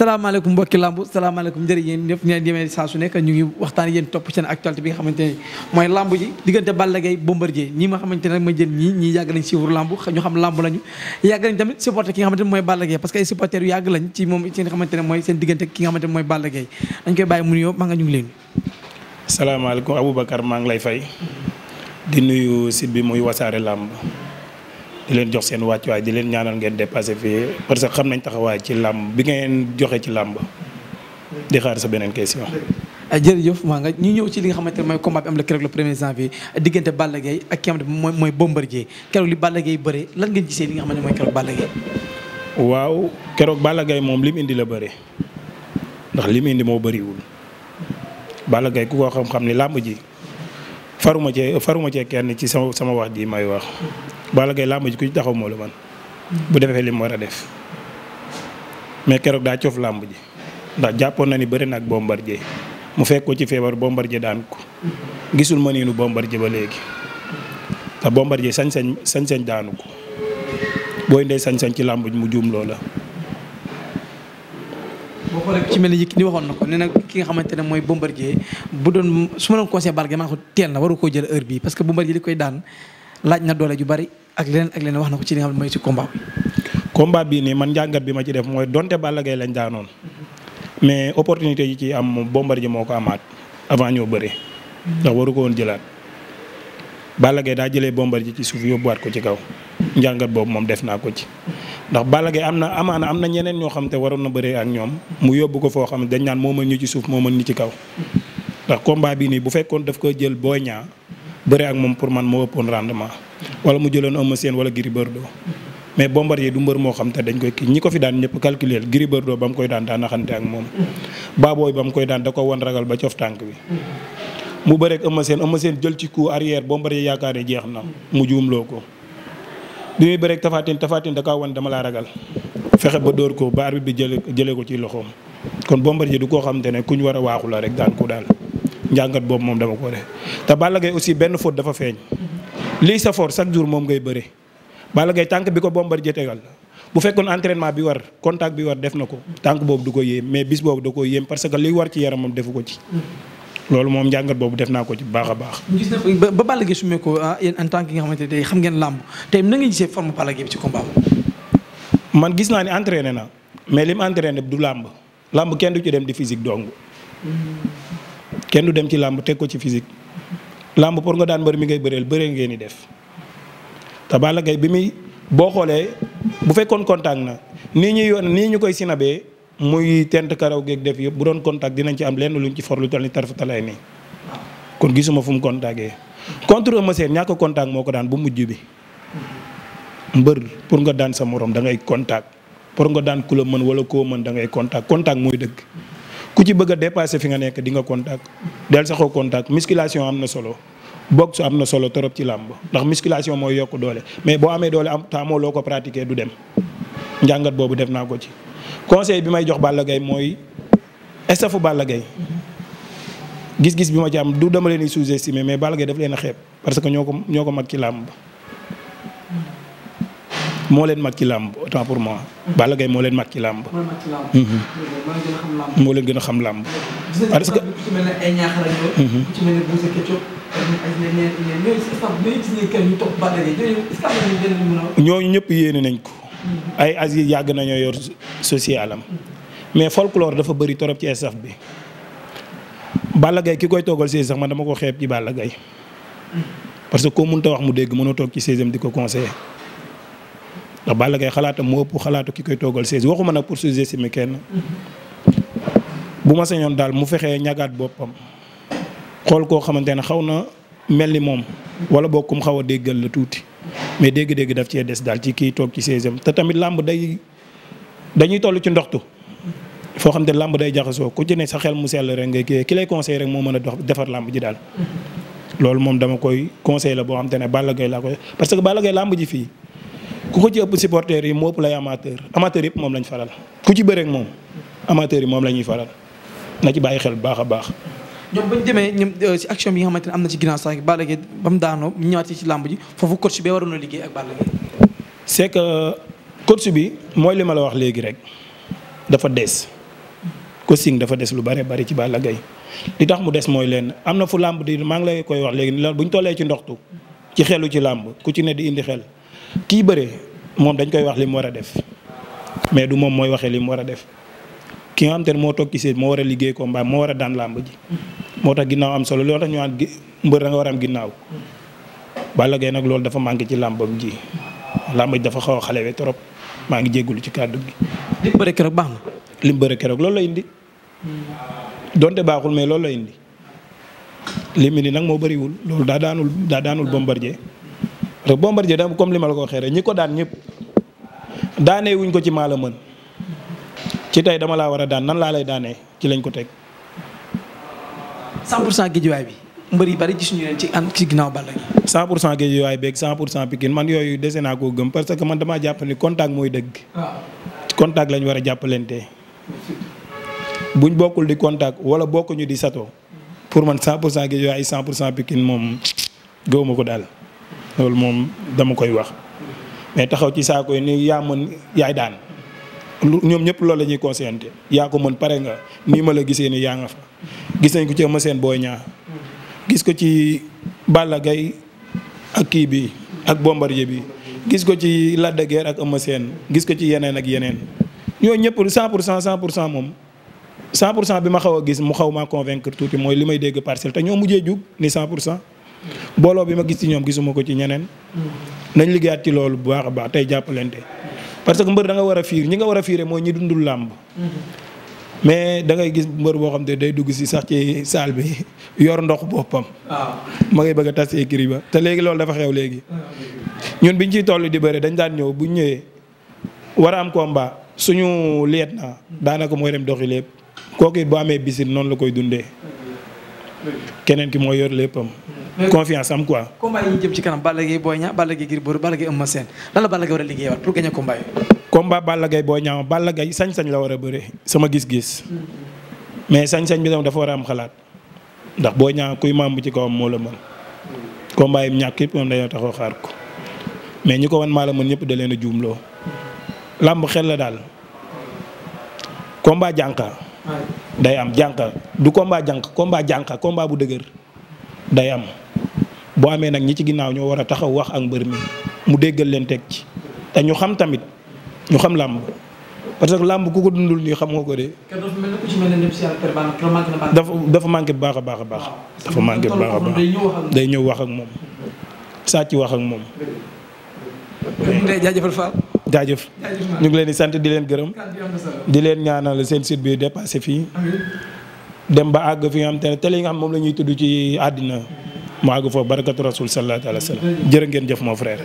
salaamaaleykum mbokki lamb salaamaaleykum njëriñ yéen ñëpp ñeen saa su nekk ñu ngi waxtaan yéen topp seen actualité bi nga xamante ne mooy lamb ji diggante Balla Gaye Bombardier ñi ma xamante ne ma jël ñii ñii yàgg nañ suivre lamb ñu xam lamb lañu yàgg nañ tamit supporter ki nga xamante ne mooy Balla Gaye parce que ay supporters yàgg lañ ci moom seen diggante ki nga xamante ne mooy Balla Gaye dañ koy bàyyi mu nuyoo maa nga ñu ngi leen salaamaaleykum Aboubacar maa ngi lay fay di nuyu site bi muy wasaare lamb di leen jox seen waay di leen ñaanal ngeen dépassé fii parce que xam nañ taxawaay ci làmb bi ngeen joxe ci làmb di xaar sa beneen question. Ah, jërëjëf maa nga ñu ñëw ci li nga xamante ne mooy combat bi am la keroog le premier janvier diggante Balla Gaye ak ki nga mooy mooy Bombardier keroog li Balla Gaye bëre lan ngeen gisee li nga xamante ne mooy keroog Balla Gaye. waaw keroog Balla Gaye moom lim indi la bëre ndax lim indi moo bariwul Balla Gaye ku ko xam-xam ni làmb ji. faruma cee faruma cee kenn ci sama sama wax ji may wax Balla Gaye làmb ji ku ci taxaw moo la man bu defee lim war a def mais keroog daa coof làmb ji ndax jàppoon na ni bëri na ak Bombardier mu fekk ci feebar Bombardier daan ko gisul ma niinu bombar Bombardier ba léegi ndax Bombardier sañ-sañ sañ-sañ daanu ko booy ndey sañ-sañ ci làmb ji mu juum la boo xoolee ci mel ni ni waxoon na ko nee na ki nga xamante ne mooy Bombardier bu doon su ma doon conseil Balla Gaye maa ko teel na waru koo jël heure bii parce que Bombardier li koy daan laaj na doole ju bari ak leneen ak leneen wax na ko ci li mooy si combat bi. bii nii man njàngat bi ma ci def mooy donte Balla lañ daanoon mais opportunité yi ci am moom Bombardier moo ko amaat avant ñoo bëre. ndax waru ko woon jëlaat Balla Gaye daa jëlee Bombardier ci suuf yóbbuwaat ko ci kaw. njàngat boobu moom def naa ko ci ndax Balla am na amaana am na ñeneen ñoo xam te waroon na bëree ak ñoom mu yóbbu ko foo xam ne dañ naan moo mën ñu ci suuf moo mën ñu ci kaw ndax combat bi nii bu fekkoon daf ko jël Boy Niang bëre ak moom pour man moo ëppoon rendement wala mu jëloon Eumeu Sène wala Gris Bordeaux mais Bombardier du mbër moo xam te dañ koy kii ñi ko fi daan ñëpp calculer Gris Bordeaux ba mu koy daan da naxante ak moom baabooy ba mu koy daan da ko won ragal ba cof tànk bi mu bëreeg Eumeu Sène Eumeu Sène jël ci coup arrière Bombardier yaakaar ne jeex na mu juumloo ko bi muy bëreeg Tafatine Tafatine da kaa wan dama laa ragal fexe ba dóor ko ba arbitre bi jëlee jëlee ko ci loxoom kon Bombardier du ko xamante ne ku ñu war a waaxu la rek daan ko daal njàngat boobu moom dama ko def te Balla Gaye aussi benn faute dafa feeñ lii sa force chaque jour moom ngay bëre Balla Gaye tànk bi ko Bombardier tegal bu fekkoon entraînement bi war contact bi war def na ko tànk boobu du ko yéem mais bis boobu da ko yéem parce que li war ci yaramam defu ko ci loolu moom njàngat boobu def naa ko ci baax a baax. gis na ba Balla Gaye su ko ah, yéen en tant que nga xamante ne xam ngeen làmb tey na nga gisee forme Balla Gaye bi ci combat man gis naa ne entraîné na mais lim entraîné du làmb làmb kenn du ci dem di physique dong kenn du dem ci làmb teg ko ci physique làmb pour nga daan mbër mi ngay bëreel bëree ngeen di def te Balla Gaye bi muy boo xoolee bu fekkoon kontaan na nii ñuy yoon nii ñu koy sinabee muy tent karaw geeg def yëpp bu doon contact dinañ ci am lenn luñ ci for lu toll ni tarfa talaay nii kon gisuma fu mu contactee contre Eumeu Sène ñàkk contact moo ko daan bu mujj bi mbër pour nga daan sa morom da ngay contact pour nga daan ku la mën wala koo mën dangay ngay contact contact mooy dëgg ku ci bëgg a fi nga nekk di nga contact del saxoo contact misculation am na solo boxe am na solo torop ci làmb ndax misculation mooy yokk doole mais boo amee doole am te loo ko pratiquer du dem njàngat boobu def naa ko ci conseil bi may jox Balla Gaye mooy estafu Balla Gaye gis-gis bi ma ci du dama leen di sous-estimer mais Balla Gaye daf leen a xeeb parce que ñoo ko ñoo ko mag ci làmb moo leen mag ci làmb autant pour moi. Balla moo leen mag ci mhm. leen gën a xam làmb. parce que ci ñëpp yéene nañ ko. ay Aziz yàgg nañoo yor social am mais folklore dafa bëri torop ci staff bi Balla Gaye ki koy toogal seize sax man dama ko xeeb ci Balla Gaye parce que koo mënta wax mu dégg mënoo toog ci seizième di ko conseiller ndax Balla Gaye xalaatam mu ëpp xalaatu ki koy toogal seize waxuma nag pour sous-estimer kenn bu ma sañoon daal mu fexee ñagaat boppam xool koo xamante ne xaw na mel ni moom wala bokkum xaw a déggal la tuuti mais dégg-dégg daf cee des daal ci kii toog ci seizième te tamit làmb day dañuy toll ci ndoxtu foo xam ne làmb day jaxasoo ku ci ne sa xel mu sell rek ngay kii ki lay conseil rek moo mën a dox defar làmb ji daal. loolu moom dama koy conseil la boo xam te ne Balla Gaye laa koy parce que Balla Gaye làmb ji fii ku ko ci ëpp supporters yi moo ëpp lay amateur amateur yëpp moom lañ faral ku ci bëreeg moom amateur yi moom la ñuy faral na ci bàyyi xel bu baax a baax. ñoom bañ demee ñoom euh, si action bi nga xamante ne am na ci ginnaaw sax bi Balla Gaye ba mu daanoo ñëwaatee ci làmb ji foofu coach bi waroon a liggéey ak Balla c'est que coach bi mooy li ma la wax léegi rek dafa des coaching dafa des lu bare bari ci Balla Gaye li tax mu des mooy leen am na fu làmb di maa ngi lay koy wax léegi loolu bu ñu tollee ci ndoxtu ci xelu ci làmb ku ci ne di indi xel kii bëre moom dañ koy wax li mu war a def mais du moom mooy waxee li mu war a def. ki nga xam te ne moo toog ci moo war a liggéey combat moo war a daan làmb ji. moo tax ginnaaw am solo loolu tax ñu naan mbër da nga war am ginnaaw. Balla Gaye nag loolu dafa manqué ci làmbam ji làmb ji dafa xaw a xalewe trop maa ngi jéggulu ci kàddu gi. lim bëre keroog baax na. lim bëre keroog lool la indi. donte baaxul mais loolu la indi. lim indi nag moo bariwul loolu daa daanul daa daanul bombardier. parce que bombardier da comme li ma la ko waxee rek ñi ko daan ñëpp daanee wuñ ko ci maa mën. ci tey dama laa war a daan nan laa lay daanee ci lañ ko teg. 100 pour cent bi mbër yi bari gisuñu leen ci am ci ginnaaw Balla gi. 100 pour cent Guédiawaye beeg 100 pour cent Pikine man yooyu dese naa koo gëm parce que man damaa jàpp ni contact mooy dëgg. Ah. contact lañu war a jàppalantee. buñ bokkul di contact wala bokkuñu di sato pour man 100 pour cent Guédiawaye 100 pour cent Pikine moom gëwuma ko daal loolu moom dama koy wax mais taxaw ci saako yi ni yaa mën yaay daan. ñoom ñëpp loolu la ñuy conseillante yaa ko mën pare nga nii ma la gisee nii yaa nga fa gis nañ ko ci Eumeu Sène Boy Niang gis ko ci Balla Gaye ak kii bi ak Bombardier bi gis ko ci Lac de Guiers ak Eumeu seen gis ko ci yeneen ak yeneen ñooñu ñëpp 100 pour cent 100 pour cent moom 100 pour cent bi ma xaw a gis mu xaw maa convaincre tuuti mooy li may dégg parcelle te ñoo mujjee jug ni 100 pour cent booloo bi ma gis ci ñoom gisuma ko ci ñeneen mm. nañ liggéeyaat ci loolu bu baax a baax tey jàppalante parce que mbër da war a fiir ñi nga war a fiire mooy ñi dundul làmb mais da ngay gis mbër boo xam te day dugg si sax ci saal bi yor ndox boppam. waaw ah. ma ngay bëgg a tas écrit ba te léegi loolu dafa xew léegi. ñun biñ ciy toll di bëre dañ daan ñëw bu ñu ñëwee war a am combat suñu liet na daanaka mooy dem doxi lépp kooku bu amee bisin noonu la koy dundee. keneen ki mooy yor léppam. Mm. confiance am quoi. combat yi jëm ci kanam Balla Gaye Boy Niang Balla Gaye Gris Bordeaux Balla Gaye Eumeu Sène lan la a liggéeyaat sañ-sañ la war a bëre sama gis-gis. mais sañ-sañ bi tam dafa war a am xalaat ndax Boy Niang kuy maam bu ci kawam moo la mën. combat yi ñàkk yëpp moom dañoo taxaw xaar ko mais ñi ko wan maa mën ñëpp da leen a juumloo làmb xel la daal combat jànka day am jànka du combat jànka combat jànka combat bu dëgër day am boo amee nag ñi ci ginnaaw ñoo war a taxaw wax ak mbër mi mu déggal leen teg ci te xam tamit ñu xam làmb parce que làmb ku ko dundul nii xamoo ko de. dafa dafa manqué bu baax a baax a baax. dafa manqué bu baax a baax day ñëw wax ak moom sàcc wax ak moom. jaajëfal Fall. jaajëf ñu ngi leen di sant di leen gërëm di leen ñaanal seen site bi dépassé fii dem ba àgg fi nga xam te ne télé yi nga xam moom la ñuy tudd ci àddina mu àgg foofu barakatu rasul sallallahu alayhi wa sallam jërë ngeen jëf mon frère.